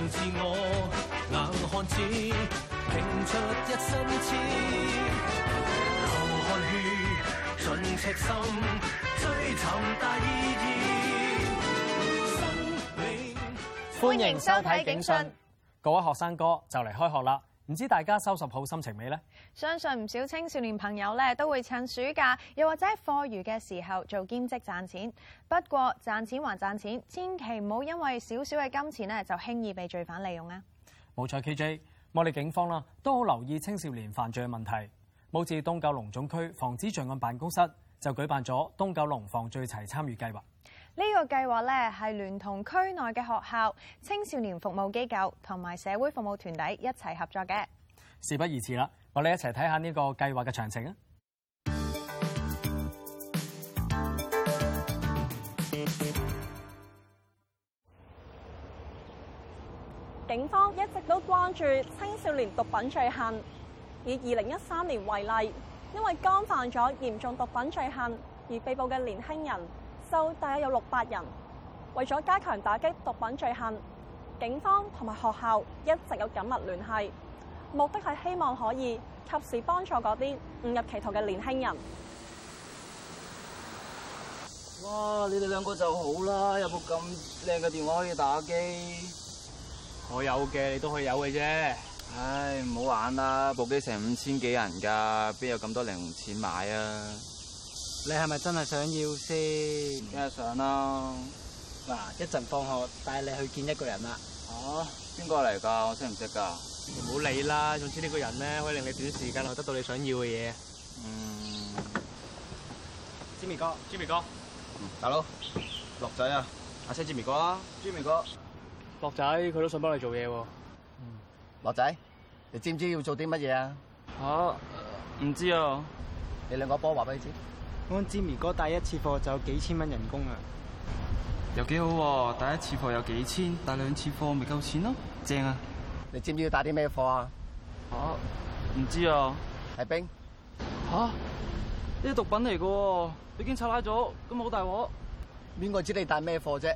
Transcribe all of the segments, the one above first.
流汗血盡赤心追尋大意義歡迎收睇《警訊》，各位學生哥就嚟開學啦。唔知大家收拾好心情未呢？相信唔少青少年朋友咧都會趁暑假又或者課餘嘅時候做兼職賺錢。不過賺錢還賺錢，千祈唔好因為少少嘅金錢咧就輕易被罪犯利用啊！冇錯，KJ，我哋警方啦都好留意青少年犯罪嘅問題。為此東九龍總區防止罪案辦公室就舉辦咗東九龍防罪齊參與計劃。呢個計劃咧係聯同區內嘅學校、青少年服務機構同埋社會服務團體一齊合作嘅。事不宜遲啦，我哋一齊睇下呢個計劃嘅詳情啊！警方一直都關注青少年毒品罪行。以二零一三年為例，因為干犯咗嚴重毒品罪行而被捕嘅年輕人就大約有六百人，為咗加強打擊毒品罪行，警方同埋學校一直有緊密聯繫，目的係希望可以及時幫助嗰啲誤入歧途嘅年輕人。哇！你哋兩個就好啦，有冇咁靚嘅電話可以打機？我有嘅你都可以有嘅啫。唉，唔好玩啦，部機成五千幾銀噶，邊有咁多零用錢買啊？你係咪真係想要先？梗係想啦！嗱，一陣放學帶你去見一個人啦、啊啊。哦。邊個嚟噶？我識唔識噶？唔好理啦，總之呢個人咧可以令你短時間內得到你想要嘅嘢、嗯。嗯。Jimmy 哥，Jimmy 哥，大佬，樂仔啊，阿 Sir Jimmy 哥，Jimmy 哥，樂仔佢都想幫你做嘢、啊。嗯。樂仔，你知唔知要做啲乜嘢啊？啊，唔、呃、知啊。你兩個波話俾你知。我知，明哥帶一次貨就有幾千蚊人工有啊！又幾好喎，帶一次貨有幾千，帶兩次貨咪夠錢咯、啊。正啊！你知唔知要帶啲咩貨啊？吓？唔知啊。係、啊、冰。吓、啊？呢啲毒品嚟嘅、啊，已經察下咗，咁好大鑊。邊個知你帶咩貨啫？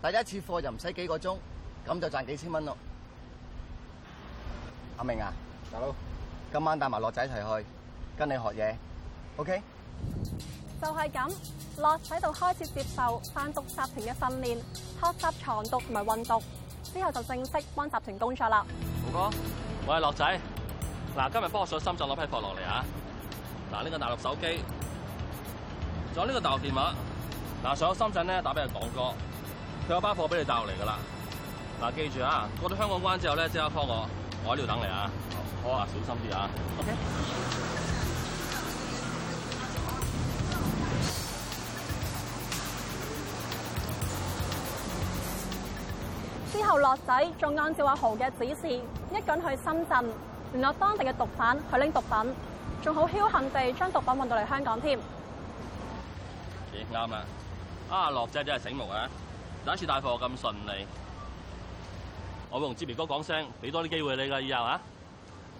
帶一次貨就唔使幾個鐘，咁就賺幾千蚊咯。阿明啊，大佬哥，今晚帶埋樂仔一齊去，跟你學嘢。O K。就係咁，樂仔喺度開始接受販毒集團嘅訓練，學習藏毒同埋運毒，之後就正式幫集團工作啦。胡哥、okay？我係樂仔，嗱，今日幫我上深圳攞批貨落嚟啊！嗱，呢個大陸手機，仲有呢個大陸電話。嗱，上咗深圳咧，打俾佢廣哥，佢有包貨俾你帶落嚟噶啦。嗱，記住啊，過到香港關之後咧，即刻 call 我，我喺度等你啊！好啊，小心啲啊！OK。落仔仲按照阿豪嘅指示，一個人去深圳聯絡當地嘅毒販去拎毒品，仲好僥幸地將毒品運到嚟香港添。啱、欸、啊？阿樂仔真係醒目啊！第一次帶貨咁順利，我會同志明哥講聲，俾多啲機會你啦。以後啊，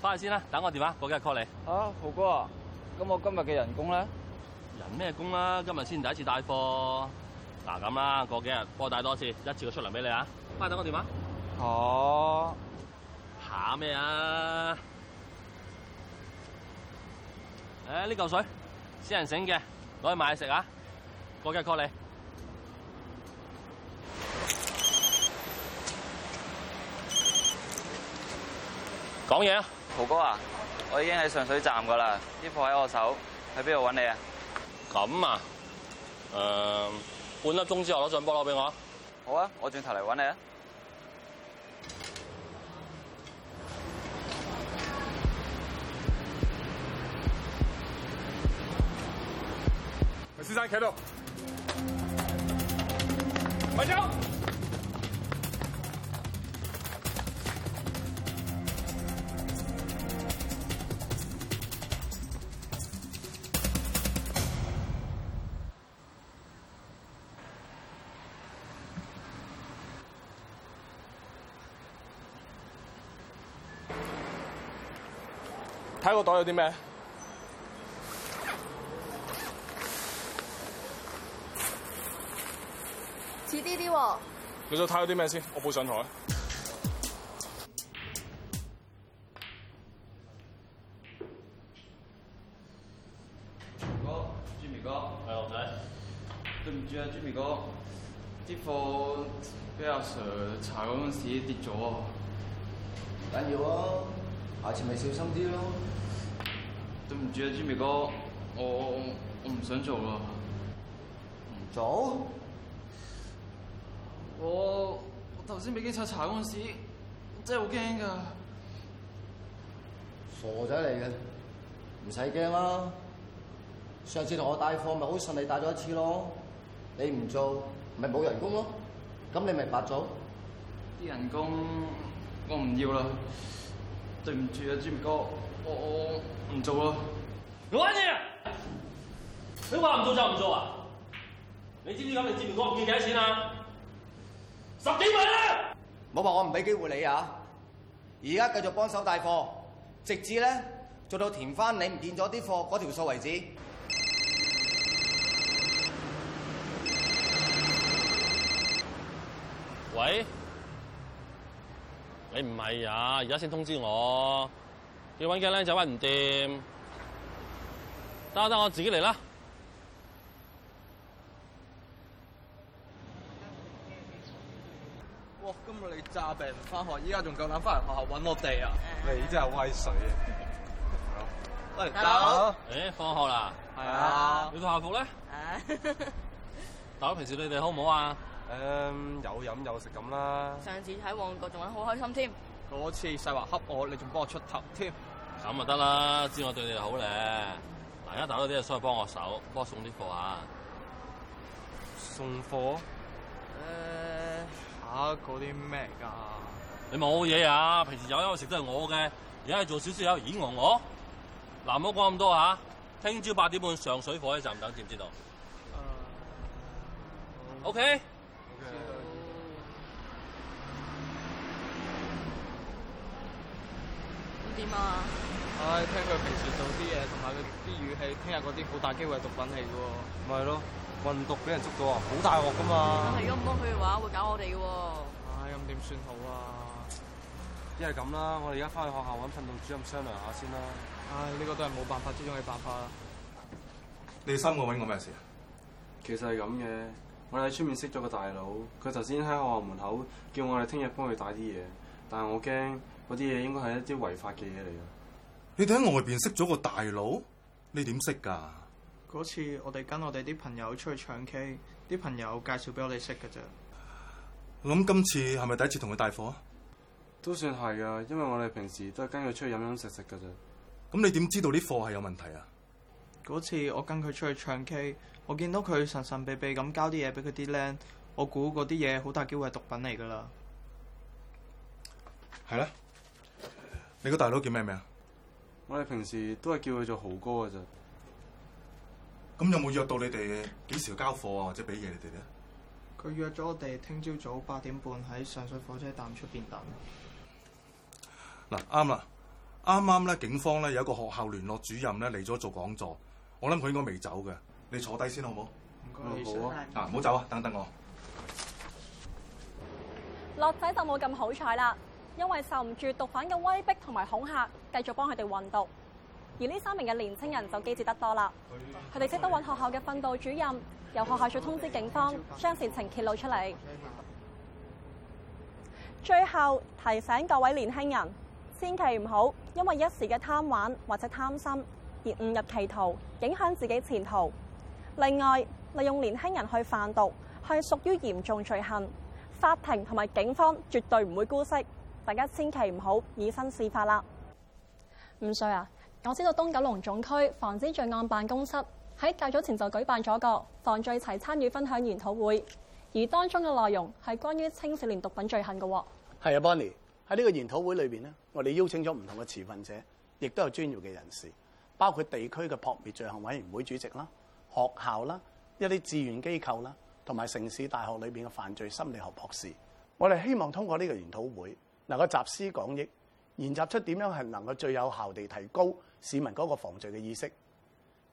翻去先啦、啊，等我電話過幾日 call 你。阿豪、啊、哥啊，咁我今日嘅人工咧？人咩工啊？今日先第一次帶貨，嗱咁啦，過、啊、幾日我帶多，帶多次，一次就出糧俾你啊！快等我電話！哦、oh.，怕咩啊？誒，呢嚿水，私人醒嘅，攞去買食啊！過幾日 call 你。講嘢啊！豪哥啊，我已經喺上水站噶啦，啲貨喺我手，喺邊度揾你啊？咁啊？誒、呃，半粒鐘之後攞上菠蘿俾我。好啊，我轉頭嚟揾你啊！快啲上度，快走！睇個袋有啲咩？似啲啲喎。你再睇下啲咩先，我抱上台了。阿哥，Jimmy 哥，係老仔。對唔住啊，Jimmy 哥，啲貨俾阿 Sir 查嗰陣時跌咗。唔緊要啊，下次咪小心啲咯。對唔住啊，Jimmy 哥，我我唔想做啦。唔做？我我頭先俾警察查嗰陣時，真係好驚噶。傻仔嚟嘅，唔使驚啦。上次同我帶貨咪好順利帶咗一次咯。你唔做沒，咪冇人工咯。咁你咪白做。啲人工我唔要啦。對唔住啊，Jimmy 哥，我我唔做啦。我話你，你話唔做就唔做啊！你知唔知咁嚟接唔過要幾多錢啊？十幾萬啦！冇話我唔俾機會你啊！而家繼續幫手帶貨，直至咧做到填翻你唔見咗啲貨嗰條數為止。喂，你唔係啊？而家先通知我，要揾嘅靚仔揾唔掂。得得、啊啊，我自己嚟啦！哇，今日你詐病翻學，依家仲夠膽翻嚟學校揾我哋啊！你真係威水啊！喂，大佬，誒，放學啦，係啊，你套校服咧？大佬，平時你哋好唔好啊？誒，有飲有食咁啦。上次喺旺角仲玩好開心添，嗰次細華恰我，你仲幫我出頭添，咁就得啦，知我對你好咧。大家打多啲啊，所以幫我手，幫我送啲貨吓。送貨？誒，吓嗰啲咩嚟㗎？你冇嘢啊，平時有因為食都係我嘅，而家係做少少有，以我我？嗱，唔好講咁多吓，聽朝八點半上水火車站等，知唔知道？啊。O K。點啊？唉，聽佢平時做啲嘢，同埋佢啲語氣，聽日嗰啲好大機會係毒品嚟嘅喎。咪咯，運毒俾人捉到啊，好大鑊噶嘛。但係如果唔去玩，會搞我哋嘅。唉，咁點算好啊？一係咁啦，我哋而家翻去學校搵訓導主任商量下先啦。唉，呢個都係冇辦法之中嘅辦法啦。你三個搵我咩事啊？其實係咁嘅，我哋喺出面識咗個大佬，佢頭先喺學校門口叫我哋聽日幫佢帶啲嘢，但係我驚嗰啲嘢應該係一啲違法嘅嘢嚟嘅。你哋喺外邊識咗個大佬，你點識噶？嗰次我哋跟我哋啲朋友出去唱 K，啲朋友介紹俾我哋識嘅啫。我諗今次係咪第一次同佢帶貨啊？都算係啊，因為我哋平時都係跟佢出去飲飲食食噶啫。咁你點知道啲貨係有問題啊？嗰次我跟佢出去唱 K，我見到佢神神秘秘咁交啲嘢俾佢啲靚，我估嗰啲嘢好大機會係毒品嚟噶啦。係啦，你個大佬叫咩名？我哋平時都係叫佢做豪哥嘅咋，咁有冇約到你哋幾時交貨啊？或者俾嘢你哋咧？佢約咗我哋聽朝早八點半喺上水火車站出邊等。嗱、啊，啱啦，啱啱咧，警方咧有一個學校聯絡主任咧嚟咗做講座，我諗佢應該未走嘅。你坐低先好唔好？唔該，好啊。唔好、啊、走啊，等等我。落仔就冇咁好彩啦。因為受唔住毒販嘅威逼同埋恐嚇，繼續幫佢哋運毒。而呢三名嘅年青人就機智得多啦。佢哋即刻搵學校嘅訓導主任，由學校再通知警方將事情揭露出嚟。最後提醒各位年輕人，千祈唔好因為一時嘅貪玩或者貪心而誤入歧途，影響自己前途。另外，利用年輕人去販毒係屬於嚴重罪行，法庭同埋警方絕對唔會姑息。大家千祈唔好以身試法啦。吳 Sir 啊，我知道東九龍總區防止罪案辦公室喺較早前就舉辦咗個防罪齊參與分享研討會，而當中嘅內容係關於青少年毒品罪行嘅。係啊，Bonnie 喺呢個研討會裏邊咧，我哋邀請咗唔同嘅持份者，亦都有專業嘅人士，包括地區嘅撲滅罪行委員會主席啦、學校啦、一啲志願機構啦，同埋城市大學裏邊嘅犯罪心理學博士。我哋希望通過呢個研討會。能夠集思廣益，研習出點樣係能夠最有效地提高市民嗰個防罪嘅意識。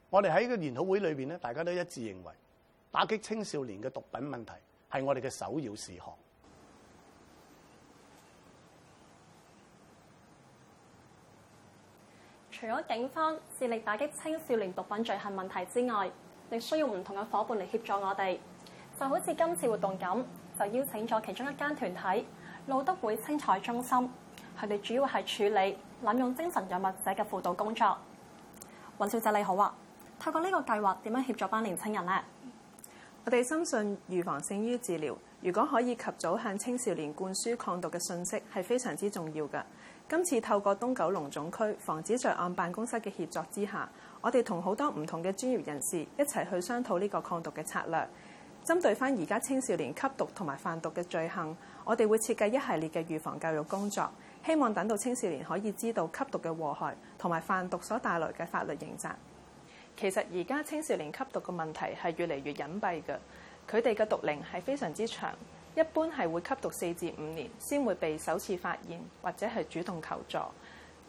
我哋喺個研討會裏邊咧，大家都一致認為，打擊青少年嘅毒品問題係我哋嘅首要事項。除咗警方致力打擊青少年毒品罪行問題之外，亦需要唔同嘅伙伴嚟協助我哋。就好似今次活動咁，就邀請咗其中一間團體路德會青彩中心。佢哋主要係處理濫用精神藥物者嘅輔導工作。雲小姐，你好啊，透過呢個計劃點樣協助班年青人呢？我哋相信預防勝於治療。如果可以及早向青少年灌輸抗毒嘅信息，係非常之重要嘅。今次透過東九龍總區防止罪案辦公室嘅協作之下，我哋同好多唔同嘅專業人士一齊去商討呢個抗毒嘅策略。針對翻而家青少年吸毒同埋販毒嘅罪行，我哋會設計一系列嘅預防教育工作，希望等到青少年可以知道吸毒嘅禍害同埋販毒所帶來嘅法律刑責。其實而家青少年吸毒嘅問題係越嚟越隱蔽嘅，佢哋嘅毒齡係非常之長，一般係會吸毒四至五年先會被首次發現，或者係主動求助。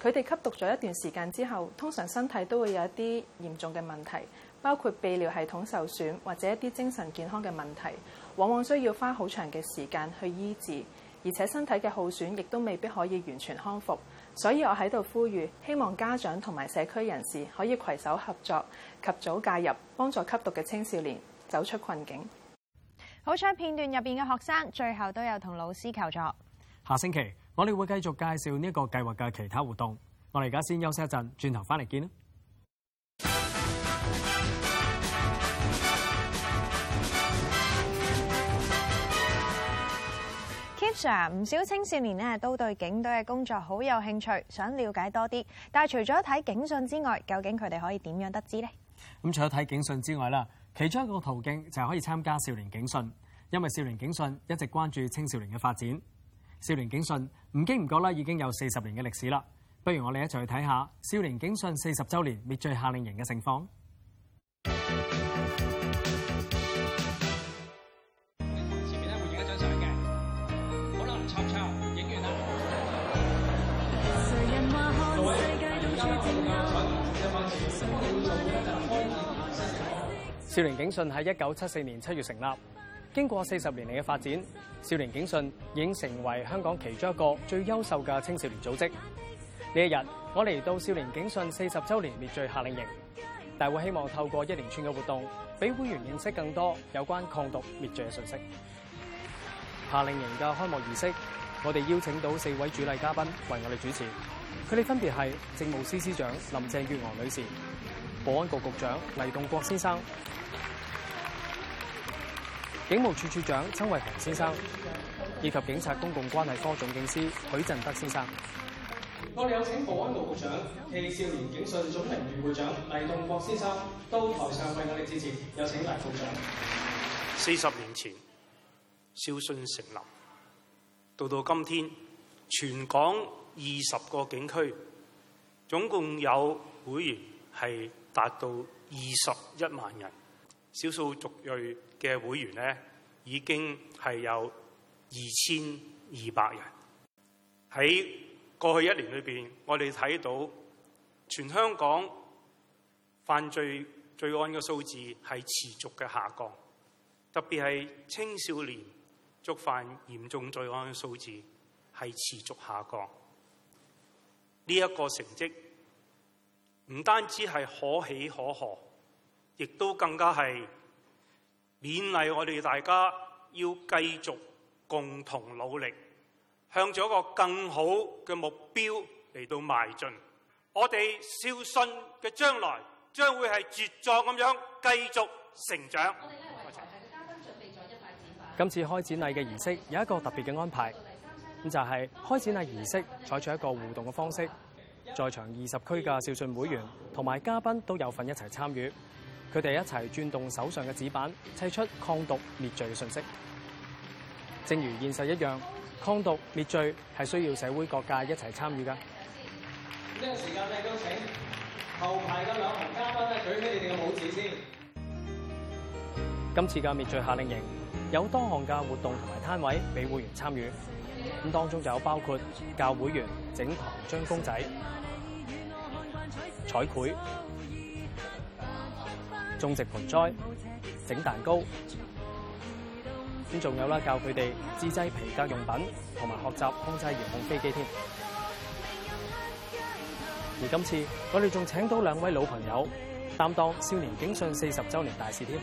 佢哋吸毒咗一段時間之後，通常身體都會有一啲嚴重嘅問題。包括泌尿系統受損或者一啲精神健康嘅問題，往往需要花好長嘅時間去醫治，而且身體嘅耗損亦都未必可以完全康復。所以我喺度呼籲，希望家長同埋社區人士可以攜手合作，及早介入，幫助吸毒嘅青少年走出困境。好彩片段入面嘅學生最後都有同老師求助。下星期我哋會繼續介紹呢個計劃嘅其他活動。我哋而家先休息一陣，轉頭翻嚟見。唔少青少年呢都對警隊嘅工作好有興趣，想了解多啲。但係除咗睇警訊之外，究竟佢哋可以點樣得知呢？咁除咗睇警訊之外啦，其中一個途徑就係可以參加少年警訊，因為少年警訊一直關注青少年嘅發展。少年警訊唔經唔覺啦，已經有四十年嘅歷史啦。不如我哋一齊去睇下少年警訊四十周年滅罪夏令營嘅情況。各位，少年警訊喺一九七四年七月成立，經過四十年嚟嘅發展，少年警訊已經成為香港其中一個最優秀嘅青少年組織。呢一日，我嚟到少年警訊四十周年滅罪夏令營，大會希望透過一連串嘅活動，俾會員認識更多有關抗毒滅罪嘅信息。夏令營嘅開幕儀式，我哋邀請到四位主禮嘉賓為我哋主持，佢哋分別係政務司司長林鄭月娥女士、保安局局長黎棟國先生、警務處處長曾偉雄先生，以及警察公共關係科總警司許振德先生。我哋有請保安局局長、暨少年警訊總名譽會長黎棟國先生到台上為我哋致詞，有請黎局長。四十年前，肇信成立到到今天，全港二十個警區，總共有會員係達到二十一萬人，少數族裔嘅會員呢，已經係有二千二百人。喺過去一年裏邊，我哋睇到，全香港犯罪罪案嘅數字係持續嘅下降，特別係青少年。觸犯嚴重罪案嘅數字係持續下降，呢一個成績唔單止係可喜可賀，亦都更加係勉勵我哋大家要繼續共同努力，向咗一個更好嘅目標嚟到邁進。我哋兆信嘅將來將會係茁壯咁樣繼續成長。 今次開展禮嘅儀式有一個特別嘅安排，咁就係開展禮儀式採取一個互動嘅方式，在場二十區嘅少訊會員同埋嘉賓都有份一齊參與，佢哋一齊轉動手上嘅紙板，砌出抗毒滅罪嘅信息。正如現實一樣，抗毒滅罪係需要社會各界一齊參與㗎。呢個時間咧，都請後排嘅兩名嘉賓咧，舉起你哋嘅拇指先。今次嘅滅罪夏令營。有多項嘅活動同埋攤位俾會員參與，咁當中就有包括教會員整糖漿公仔、彩繪、種植盆栽、整蛋糕，咁仲有啦，教佢哋自製皮革用品同埋學習控制遙控飛機添。而今次我哋仲請到兩位老朋友擔當少年警訊四十周年大使添。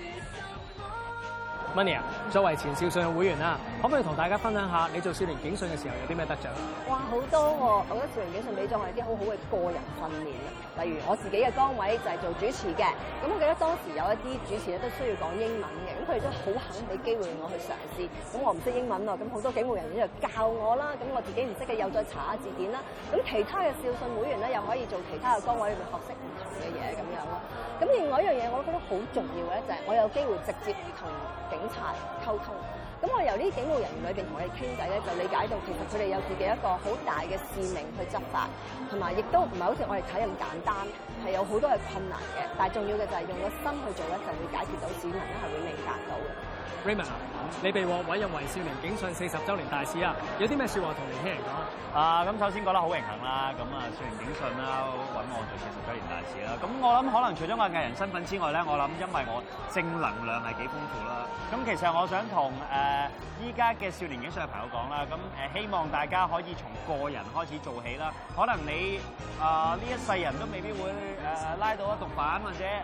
Mona，作為前少訊會員啦，可唔可以同大家分享下你做少年警訊嘅時候有啲咩得著咧？哇，好多喎、哦！我覺得少年警訊俾咗我啲好好嘅個人訓練啊。例如我自己嘅崗位就係做主持嘅，咁我記得當時有一啲主持咧都需要講英文嘅，咁佢哋都好肯俾機會我去嘗試。咁我唔識英文啊，咁好多警務人員就教我啦。咁我自己唔識嘅又再查下字典啦。咁其他嘅少訊會員咧又可以做其他嘅崗位去學識唔同嘅嘢咁樣咯。咁另外一樣嘢我覺得好重要嘅咧，就係、是、我有機會直接同警溝通，咁我由呢警務人員裏邊同我哋傾偈咧，就理解到其實佢哋有自己一個好大嘅使命去執法，同埋亦都唔係好似我哋睇咁簡單，係有好多係困難嘅。但係重要嘅就係用個心去做咧，就會解決到市民咧係會明白到嘅。Raymond。你被獲委任為少年警訊四十周年大使啊！有啲咩說話同年輕人講啊？啊咁，首先覺得好榮幸啦。咁啊，少年警訊啦，搵我做四十周年大使啦。咁我諗可能除咗我藝人身份之外咧，我諗因為我正能量係幾豐富啦。咁其實我想同誒依家嘅少年警訊嘅朋友講啦，咁誒、呃、希望大家可以從個人開始做起啦。可能你啊呢、呃、一世人都未必會誒、呃、拉到啊毒販或者誒誒、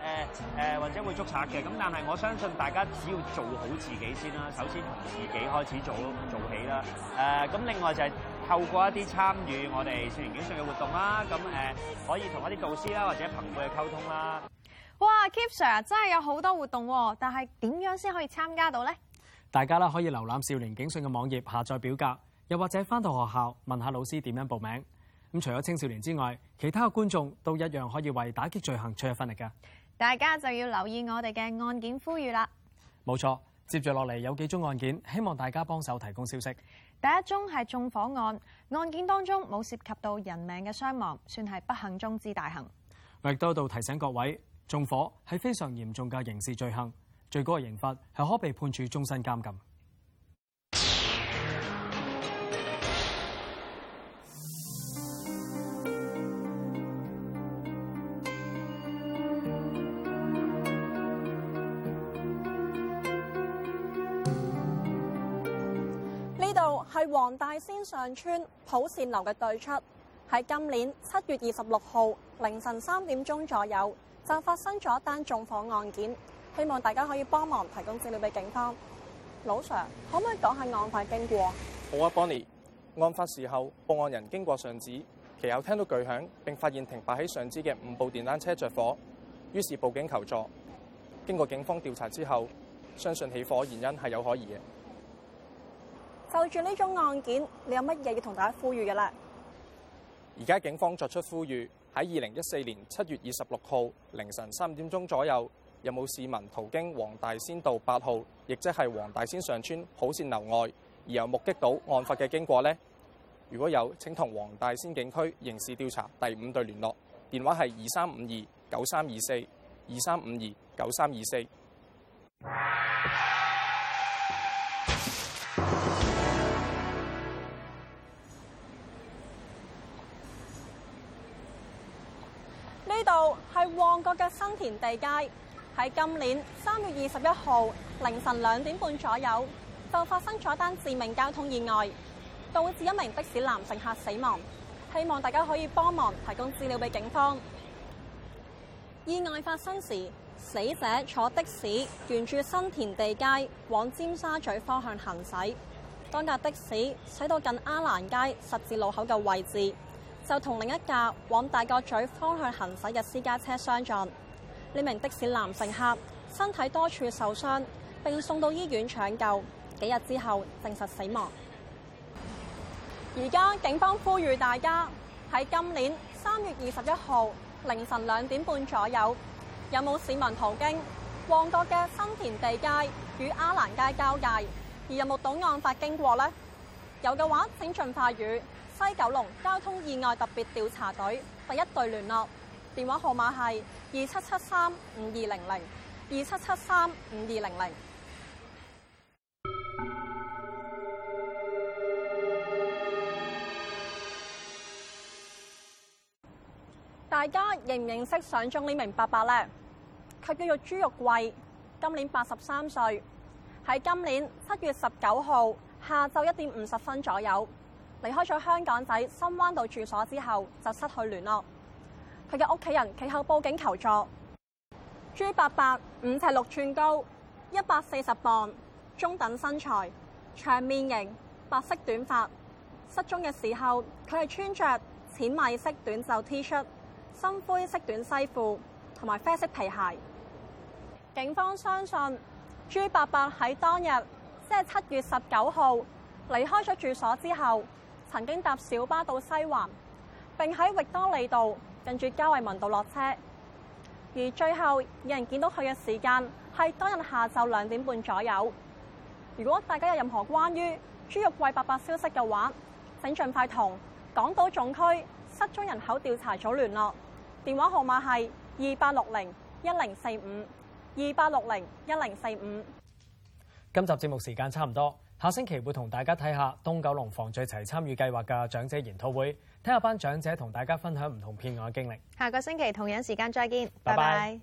呃、或者會捉賊嘅。咁但係我相信大家只要做好自己先啦。首先從自己開始做做起啦。誒、呃，咁另外就係透過一啲參與我哋少年警訊嘅活動啦。咁、啊呃、可以同一啲導師啦，或者朋輩去溝通啦。哇，Keep Sir 真係有好多活動、啊，但係點樣先可以參加到咧？大家咧可以瀏覽少年警訊嘅網頁，下載表格，又或者翻到學校問下老師點樣報名。咁除咗青少年之外，其他嘅觀眾都一樣可以為打擊罪行出一分力㗎。大家就要留意我哋嘅案件呼籲啦。冇錯。接住落嚟有幾宗案件，希望大家幫手提供消息。第一宗係縱火案，案件當中冇涉及到人命嘅傷亡，算係不幸中之大幸。我亦都喺度提醒各位，縱火係非常嚴重嘅刑事罪行，最高嘅刑罰係可被判處終身監禁。先上村普善樓嘅對出，喺今年七月二十六號凌晨三點鐘左右就發生咗一單縱火案件，希望大家可以幫忙提供資料俾警方。老 Sir，可唔可以講下案發經過？好啊，Bonnie。案發時候，報案人經過上址，其後聽到巨響，並發現停泊喺上址嘅五部電單車着火，於是報警求助。經過警方調查之後，相信起火原因係有可疑嘅。就住呢宗案件，你有乜嘢要同大家呼籲㗎喇？而家警方作出呼籲，喺二零一四年七月二十六號凌晨三點鐘左右，有冇市民途經黃大仙道八號，亦即係黃大仙上村普善樓外，而有目擊到案發嘅經過呢？如果有，請同黃大仙警區刑事調查第五隊聯絡，電話係二三五二九三二四二三五二九三二四。係旺角嘅新田地街，喺今年三月二十一號凌晨兩點半左右，就發生咗單致命交通意外，導致一名的士男乘客死亡。希望大家可以幫忙提供資料俾警方。意外發生時，死者坐的士沿住新田地街往尖沙咀方向行駛，當架的士駛到近鴉蘭街十字路口嘅位置。就同另一架往大角咀方向行駛嘅私家車相撞，呢名的士男乘客身體多處受傷並送到醫院搶救，幾日之後證實死亡。而家警方呼籲大家喺今年三月二十一號凌晨兩點半左右，有冇市民途經旺角嘅新填地街與鴉蘭街交界而有冇目睹案發經過咧？有嘅話請盡快與。西九龍交通意外特別調查隊第一隊聯絡電話號碼係二七七三五二零零二七七三五二零零。200，大家認唔認識上中呢名伯伯呢？佢叫做朱玉貴，今年八十三歲，喺今年七月十九號下晝一點五十分左右。離開咗香港仔深灣道住所之後，就失去聯絡。佢嘅屋企人企後報警求助。朱伯伯五尺六寸高，一百四十磅，中等身材，長面型，白色短髮。失蹤嘅時候，佢係穿着淺米色短袖 T 恤、深灰色短西褲，同埋啡色皮鞋。警方相信，朱伯伯喺當日，即係七月十九號離開咗住所之後。曾經搭小巴到西環，並喺域多利道近住加惠民道落車，而最後有人見到佢嘅時間係當日下晝兩點半左右。如果大家有任何關於朱玉桂伯伯消息嘅話，請盡快同港島總區失蹤人口調查組聯絡，電話號碼係二八六零一零四五，二八六零一零四五。45, 今集節目時間差唔多。下星期會同大家睇下東九龍防罪齊參與計劃嘅長者研討會，睇下班長者同大家分享唔同騙案嘅經歷。下個星期同樣時間再見，bye bye 拜拜。